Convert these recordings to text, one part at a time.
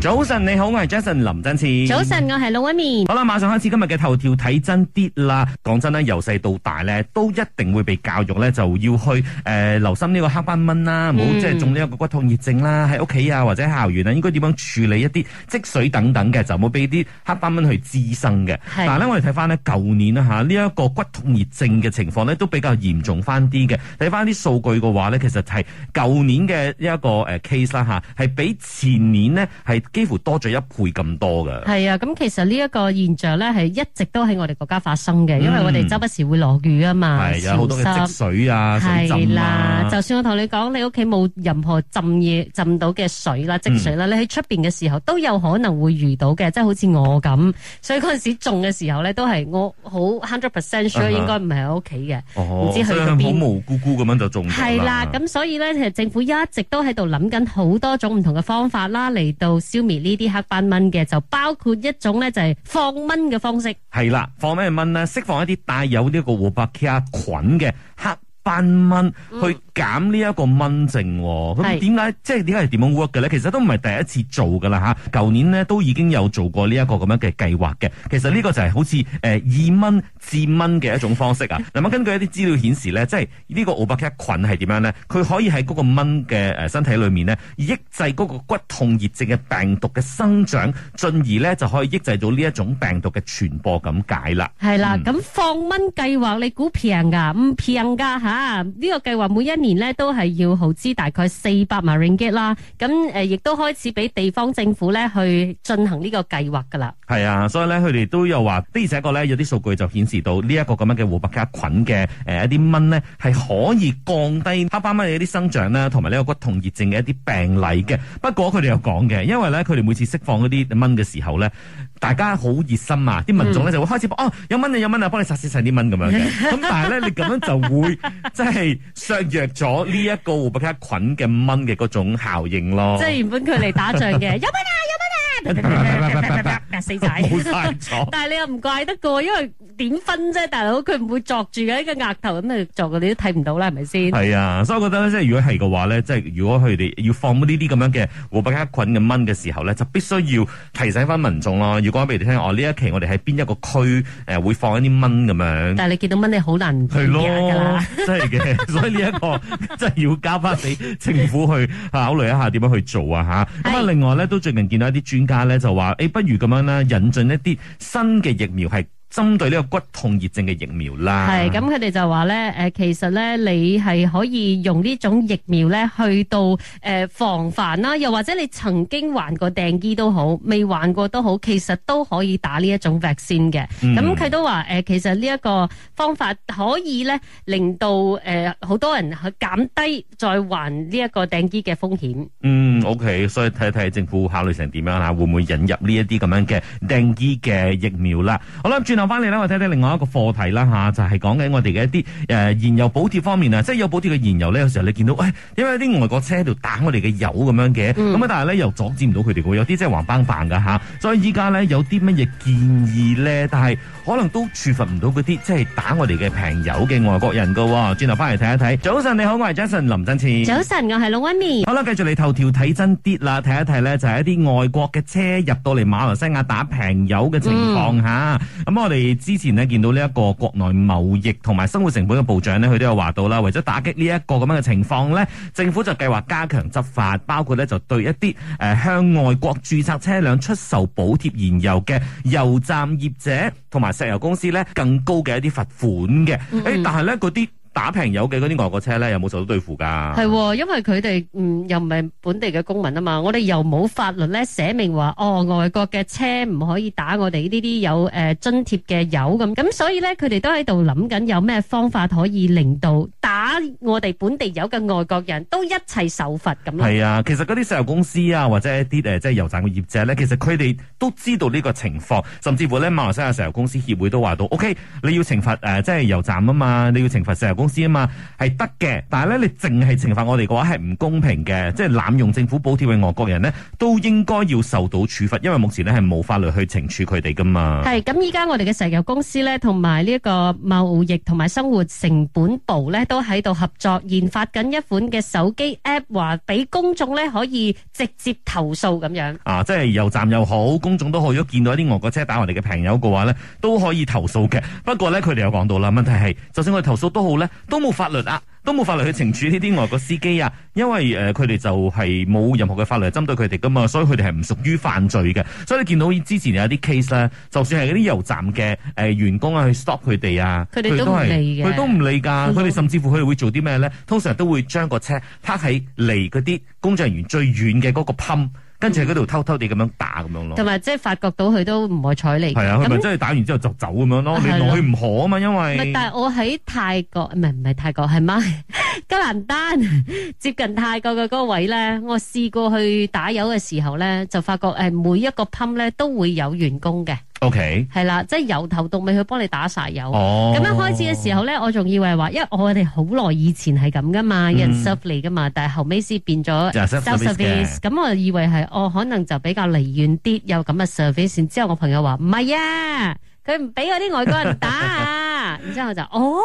早晨，你好，我係 Jason 林振慈。早晨，我係老一。面。好啦，馬上開始今日嘅頭條睇真啲啦。講真啦，由細到大咧，都一定會被教育咧，就要去誒、呃、留心呢個黑斑蚊啦，唔好即係中呢一個骨痛熱症啦。喺屋企啊或者喺校園啊，應該點樣處理一啲積水等等嘅，就冇俾啲黑斑蚊去滋生嘅。但係咧，我哋睇翻咧，舊年啊吓呢一個骨痛熱症嘅情況咧，都比較嚴重翻啲嘅。睇翻啲數據嘅話咧，其實係舊年嘅一個誒 case 啦、啊、吓，係比前年咧係。幾乎多咗一倍咁多嘅，係啊！咁其實呢一個現象咧，係一直都喺我哋國家發生嘅，因為我哋周不時會落雨啊嘛，有好多積水啊，係啦，就算我同你講你屋企冇任何浸嘢浸到嘅水啦、積水啦，你喺出邊嘅時候都有可能會遇到嘅，即係好似我咁，所以嗰陣時種嘅時候咧，都係我好 hundred percent sure 應該唔係喺屋企嘅，唔知去邊好無辜辜咁樣就種係啦。咁所以咧，其實政府一直都喺度諗緊好多種唔同嘅方法啦，嚟到消。呢啲黑斑蚊嘅就包括一種咧就係、是、放蚊嘅方式。係啦，放咩蚊咧？釋放一啲帶有呢個霍巴克菌嘅黑斑蚊、嗯、去減呢一個蚊症。咁點解？即係點解係點樣 work 嘅咧？其實都唔係第一次做噶啦吓，舊、啊、年咧都已經有做過呢一個咁樣嘅計劃嘅。其實呢個就係好似誒、呃、二蚊。治蚊嘅一種方式啊！嗱，咁根據一啲資料顯示咧，即係呢個奧伯克菌係點樣咧？佢可以喺嗰個蚊嘅誒身體裏面咧，抑制嗰個骨痛熱症嘅病毒嘅生長，進而咧就可以抑制到呢一種病毒嘅傳播咁解啦。係啦，咁、嗯、放蚊計劃你估平㗎？唔平㗎吓？呢、這個計劃每一年咧都係要耗資大概四百萬 ringgit 啦。咁誒，亦、呃、都開始俾地方政府咧去進行呢個計劃㗎啦。係啊，所以咧佢哋都有話，的而且確咧有啲數據就顯示。到、這、呢、個、一個咁樣嘅湖北卡菌嘅誒一啲蚊呢，係可以降低黑斑蚊嘅一啲生長啦，同埋呢個骨痛熱症嘅一啲病例嘅。不過佢哋有講嘅，因為咧佢哋每次釋放嗰啲蚊嘅時候呢，大家好熱心啊，啲民眾咧就會開始、嗯、哦，有蚊啊有蚊啊，幫你殺死晒啲蚊咁樣。咁 但係咧你咁樣就會即係削弱咗呢一個湖北卡菌嘅蚊嘅嗰種效應咯。即係原本佢嚟打仗嘅，有蚊啊有蚊。死仔冇差錯，但係你又唔怪得過，因為點分啫大佬？佢唔會鑿住嘅，喺個額頭咁啊鑿嘅，你都睇唔到啦，係咪先？係啊，所以我覺得咧，即係如果係嘅話咧，即係如果佢哋要放呢啲咁樣嘅霍巴卡菌嘅蚊嘅時候咧，就必須要提醒翻民眾咯。如果俾你聽我呢一期，我哋喺邊一個區誒會放一啲蚊咁樣，但係你見到蚊你好難係咯，真係嘅。所以呢一個即係要交翻俾政府去考慮一下點樣去做啊吓。咁啊，另外咧都最近見到一啲專。家咧就話，誒，不如咁樣啦，引進一啲新嘅疫苗係。針對呢個骨痛熱症嘅疫苗啦，係咁佢哋就話咧，誒、呃、其實咧你係可以用呢種疫苗咧去到誒、呃、防範啦，又或者你曾經患過訂醫都好，未患過都好，其實都可以打呢一種白先嘅。咁、嗯、佢都話誒、呃，其實呢一個方法可以咧令到誒好、呃、多人減低再患呢一個訂醫嘅風險。嗯，OK，所以睇一睇政府考慮成點樣啦，會唔會引入呢一啲咁樣嘅訂醫嘅疫苗啦？好啦。翻嚟咧，我睇睇另外一個課題啦吓、啊，就係、是、講緊我哋嘅一啲誒、呃、燃油補貼方面啊，即係有補貼嘅燃油咧，有時候你見到，誒、哎，因為啲外國車喺度打我哋嘅油咁樣嘅，咁、嗯、但係咧又阻止唔到佢哋嘅，有啲即係橫斑扮噶吓。所以依家咧有啲乜嘢建議咧，但係可能都處罰唔到嗰啲即係打我哋嘅平油嘅外國人嘅、啊。轉頭翻嚟睇一睇，早晨你好，我係 Jason 林振前。早晨，我係老温妮。好啦，繼續嚟頭條睇真啲啦，睇一睇咧就係、是、一啲外國嘅車入到嚟馬來西亞打平油嘅情況吓，咁、嗯啊嗯我哋之前咧見到呢一個國內貿易同埋生活成本嘅部漲咧，佢都有話到啦。為咗打擊呢一個咁樣嘅情況咧，政府就計劃加強執法，包括咧就對一啲誒、呃、向外國註冊車輛出售補貼燃油嘅油站業者同埋石油公司咧更高嘅一啲罰款嘅。誒、嗯嗯欸，但係呢嗰啲。打平油嘅嗰啲外國車咧，有冇受到對付噶？係，因為佢哋嗯又唔係本地嘅公民啊嘛，我哋又冇法律咧寫明話哦，外國嘅車唔可以打我哋呢啲有誒津貼嘅油咁，咁所以咧佢哋都喺度諗緊有咩方法可以令到打我哋本地油嘅外國人都一齊受罰咁樣。係啊，其實嗰啲石油公司啊，或者一啲誒即係油站嘅業者咧，其實佢哋都知道呢個情況，甚至乎咧馬來西亞石油公司協會都話到，OK，你要懲罰誒即係油站啊嘛，你要懲罰石油公。先啊嘛，係得嘅，但係咧你淨係懲罰我哋嘅話係唔公平嘅，即係濫用政府補貼嘅外國人呢，都應該要受到處罰，因為目前呢係冇法律去懲處佢哋噶嘛。係咁，依家我哋嘅石油公司咧同埋呢一個貿易同埋生活成本部咧都喺度合作研發緊一款嘅手機 app，話俾公眾咧可以直接投訴咁樣。啊，即係油站又好，公眾都可以見到一啲外國車打我哋嘅朋友嘅話咧都可以投訴嘅。不過咧佢哋又講到啦，問題係就算我哋投訴都好咧。都冇法律啊！都冇法律去懲處呢啲外國司機啊，因為誒佢哋就係冇任何嘅法律嚟針對佢哋噶嘛，所以佢哋係唔屬於犯罪嘅。所以你見到之前有啲 case 咧、啊，就算係嗰啲油站嘅誒員工啊去 stop 佢哋啊，佢都係佢都唔理㗎。佢哋、嗯、甚至乎佢哋會做啲咩咧？通常都會將個車泊喺離嗰啲工作人員最遠嘅嗰個泵，跟住喺嗰度偷偷地咁樣打咁樣咯。同埋即係發覺到佢都唔會睬你。係啊，佢咪即係打完之後就走咁樣咯？啊、你同佢唔可啊嘛，因為但係我喺泰國，唔係唔係泰國，係馬。吉蘭丹接近泰國嘅嗰位咧，我試過去打油嘅時候咧，就發覺誒每一個 pump 咧都會有員工嘅、okay。O K 係啦，即係由頭到尾去幫你打晒油。哦，咁樣開始嘅時候咧，我仲以為話，因為我哋好耐以前係咁噶嘛，有人 self 嚟噶嘛，但係後尾先變咗 service。咁我以為係哦，可能就比較離遠啲，有咁嘅 service。之後我朋友話唔係啊，佢唔俾我啲外國人打啊。然之後我就哦。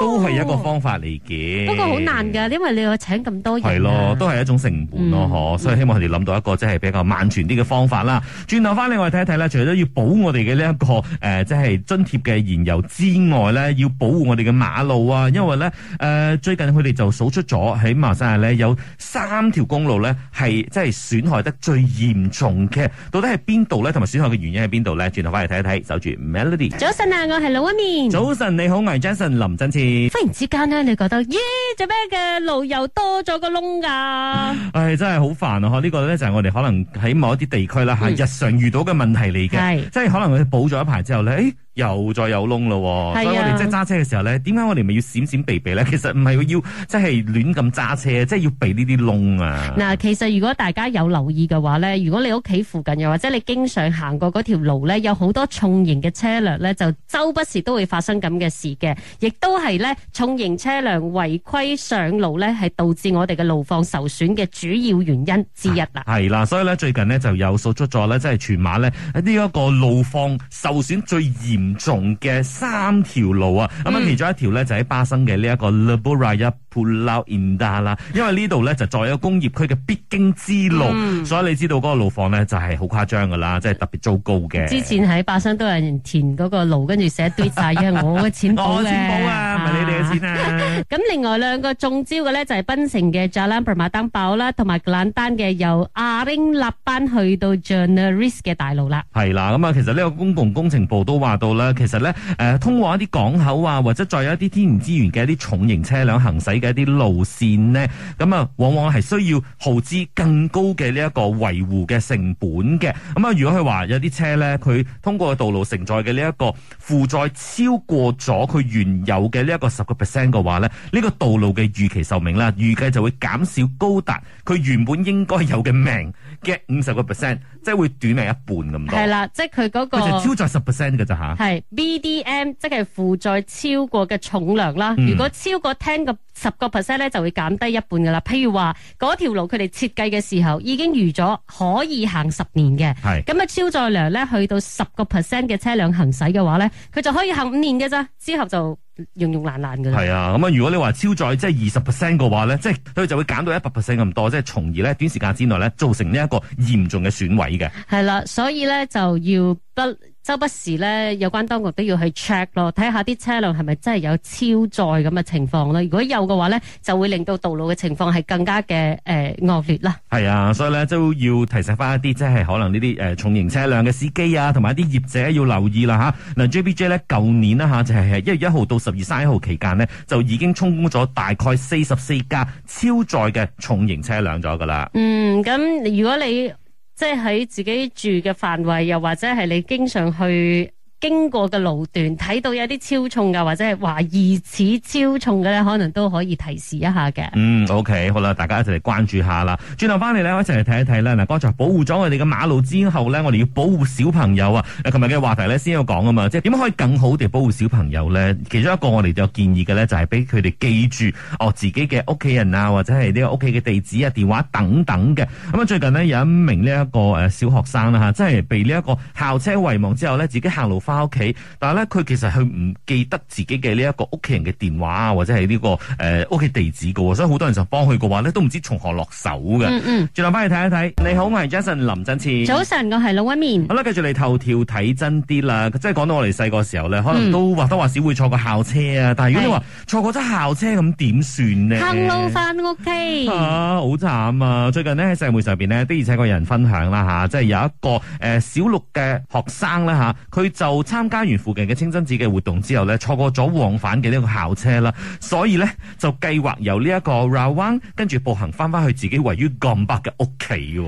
都係一個方法嚟嘅、哦，不過好難噶，因為你要請咁多人，係咯，都係一種成本咯、啊，嗬、嗯，所以希望佢哋諗到一個即係比較萬全啲嘅方法啦。轉頭翻嚟我哋睇一睇啦，除咗要保護我哋嘅呢一個誒，即、呃、係、就是、津貼嘅燃油之外咧，要保護我哋嘅馬路啊，因為咧誒、呃、最近佢哋就數出咗喺馬鞍山咧有三條公路咧係即係損害得最嚴重嘅，到底係邊度咧？同埋損害嘅原因喺邊度咧？轉頭翻嚟睇一睇，守住 Melody。早晨啊，我係老屈面。早晨，你好，我係 Jason 林振忽然之間咧，你覺得咦，做咩嘅路又多咗個窿噶、啊？唉，真係好煩啊！呢、呢個咧就係我哋可能喺某一啲地區啦，吓日常遇到嘅問題嚟嘅、嗯，即係可能佢補咗一排之後咧，誒。又再有窿咯、啊，所以我哋即係揸車嘅時候咧，點解我哋咪要閃閃避避咧？其實唔係要即係亂咁揸車，即、就、係、是、要避呢啲窿啊！嗱，其實如果大家有留意嘅話咧，如果你屋企附近又或者你經常行過嗰條路咧，有好多重型嘅車輛咧，就周不時都會發生咁嘅事嘅，亦都係咧重型車輛違規上路咧，係導致我哋嘅路況受損嘅主要原因之一啦。係、啊、啦，所以咧最近呢，就有數出咗咧，即係全馬咧喺呢一個路況受損最嚴。重嘅三條路啊，咁啊其中一條咧就喺巴生嘅呢一個 Lebuhraya Pulau Indah 啦，因為呢度咧就再一個工業區嘅必經之路，所以你知道嗰個路況咧就係好誇張噶啦，即係特別糟糕嘅。之前喺巴生都有人填嗰個路，跟住寫一堆債啊，我嘅錢補咧，我錢補啊，唔係你哋嘅錢啊。咁另外兩個中招嘅咧就係檳城嘅 Jalan Permatang Pauh 啦，同埋蘭丹嘅由亞丁立班去到 Jenaris 嘅大路啦。係啦，咁啊其實呢個公共工程部都話到。啦，其實咧，誒、呃，通往一啲港口啊，或者再有一啲天然資源嘅一啲重型車輛行駛嘅一啲路線呢，咁、嗯、啊，往往係需要耗資更高嘅呢一個維護嘅成本嘅。咁、嗯、啊，如果佢話有啲車咧，佢通過的道路承載嘅呢一個負載超過咗佢原有嘅呢一個十個 percent 嘅話咧，呢、這個道路嘅預期壽命咧，預計就會減少高達佢原本應該有嘅命嘅五十個 percent，即係會短命一半咁多。係啦，即係佢嗰個。佢就超載十 percent 嘅咋吓？啊係 BDM 即係負載超過嘅重量啦，嗯。如果超過 ten 個十個 percent 咧，就會減低一半噶啦。譬如話嗰條路佢哋設計嘅時候已經預咗可以行十年嘅。係咁啊，超載量咧去到十個 percent 嘅車輛行駛嘅話咧，佢就可以行五年嘅咋，之後就溶溶爛爛嘅。係啊，咁啊，如果你超載話超載即係二十 percent 嘅話咧，即係佢就會減到一百 percent 咁多，即係從而咧短時間之內咧造成呢一個嚴重嘅損毀嘅。係啦，所以咧就要不。周不時咧，有關當局都要去 check 咯，睇下啲車輛係咪真係有超載咁嘅情況囉。如果有嘅話咧，就會令到道路嘅情況係更加嘅誒、呃、惡劣啦。係啊，所以咧都要提醒翻一啲，即係可能呢啲重型車輛嘅司機啊，同埋啲業者要留意啦嚇。嗱，J B J 咧，舊、呃、年啦、啊、就係、是、一月一號到十二月三十一號期間呢，就已經充公咗大概四十四架超載嘅重型車輛咗噶啦。嗯，咁如果你即係喺自己住嘅範圍，又或者係你經常去，經過嘅路段睇到有啲超重嘅，或者係話疑似超重嘅咧，可能都可以提示一下嘅。嗯，OK，好啦，大家一齊嚟關注下啦。轉頭翻嚟咧，我一齊嚟睇一睇咧。嗱，剛才保護咗我哋嘅馬路之後咧，我哋要保護小朋友啊。誒，琴日嘅話題咧先有講啊嘛，即係點可以更好地保護小朋友咧？其中一個我哋就建議嘅咧，就係俾佢哋記住哦，自己嘅屋企人啊，或者係呢個屋企嘅地址啊、電話等等嘅。咁啊，最近呢，有一名呢一個誒小學生啦吓，即係被呢一個校車遺忘之後咧，自己行路。翻屋企，但係咧，佢其實佢唔記得自己嘅呢一個屋企人嘅電話啊，或者係、這、呢個誒屋企地址噶，所以好多人就幫佢嘅話咧，都唔知從何落手嘅。嗯嗯，轉頭翻去睇一睇。你好，我係 Jason 林振千。早晨，我係老一面。好啦，繼續嚟頭條睇真啲啦。即係講到我哋細個時候咧，可能都或多或少會坐過校車啊。但係如果你話坐過咗校車咁點算咧？行路翻屋企啊，好慘啊！最近呢，喺社會上邊呢，的而且確有人分享啦吓、啊，即係有一個誒、呃、小六嘅學生咧吓，佢、啊、就。參加完附近嘅清真寺嘅活動之後咧，錯過咗往返嘅呢個校車啦，所以咧就計劃由呢一個 Rawang 跟住步行翻翻去自己位於干北嘅屋企。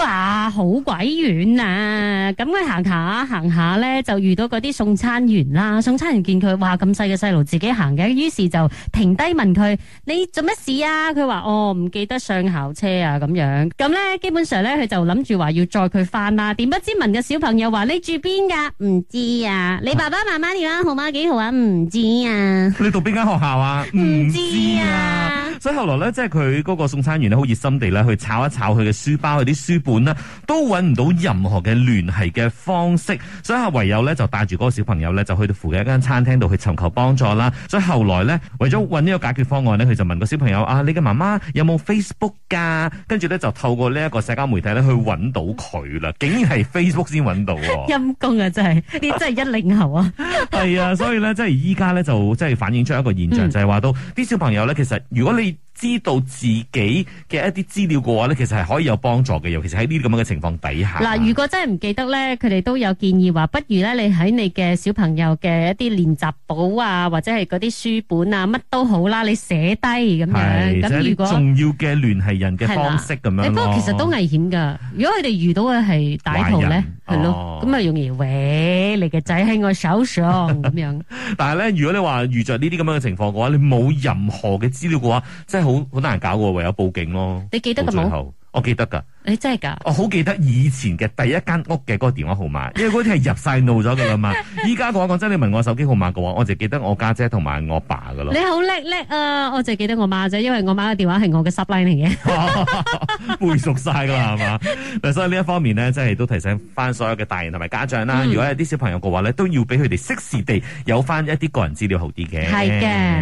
哇，好鬼遠啊！咁佢行下行下咧，就遇到嗰啲送餐員啦。送餐員見佢話咁細嘅細路自己行嘅，於是就停低問佢：你做乜事啊？佢話：哦，唔記得上校車啊咁樣。咁咧基本上咧，佢就諗住話要載佢翻啦。點不知問嘅小朋友話：你住邊噶？唔知。呀，你爸爸媽媽電話號碼幾號啊？唔知啊。你讀邊間學校啊？唔 知啊。所以後來咧，即係佢嗰個送餐員咧，好熱心地咧去炒一炒佢嘅書包，佢啲書本啦，都揾唔到任何嘅聯繫嘅方式，所以唯有咧就帶住嗰個小朋友咧，就去到附近一間餐廳度去尋求幫助啦。所以後來咧，為咗揾呢個解決方案咧，佢就問個小朋友啊，你嘅媽媽有冇 Facebook 噶、啊？跟住咧就透過呢一個社交媒體咧去揾到佢啦，竟然係 Facebook 先揾到，陰公啊，真係。係一零後啊， 係啊，所以咧，即係依家咧，就即係反映出一個現象，嗯、就係話到啲小朋友咧，其實如果你。知道自己嘅一啲資料嘅話咧，其實係可以有幫助嘅，尤其是喺呢啲咁樣嘅情況底下。嗱，如果真係唔記得咧，佢哋都有建議話，不如咧你喺你嘅小朋友嘅一啲練習簿啊，或者係嗰啲書本啊，乜都好啦，你寫低咁樣。係，其實重要嘅聯繫人嘅方式咁樣。係啦，不過其實都危險㗎。如果佢哋遇到嘅係歹徒咧，係咯，咁啊容易搲你嘅仔喺我手上咁樣。但係咧，如果你話遇著呢啲咁樣嘅情況嘅話，你冇任何嘅資料嘅話，即係。好好難搞喎，唯有報警咯。你記得噶嘛？我記得噶。你真係噶？我好記得以前嘅第一間屋嘅嗰個電話號碼， 因為嗰啲係入晒腦咗嘅啦嘛。依家講講真，你問我的手機號碼嘅話，我就記得我家姐同埋我爸嘅咯。你好叻叻啊！我就記得我媽咋，因為我媽嘅電話係我嘅 line 嚟嘅。 背熟晒噶啦，係嘛？所以呢一方面咧，真係都提醒翻所有嘅大人同埋家長啦、啊嗯。如果有啲小朋友嘅話咧，都要俾佢哋適時地有翻一啲個人資料好啲嘅。係嘅。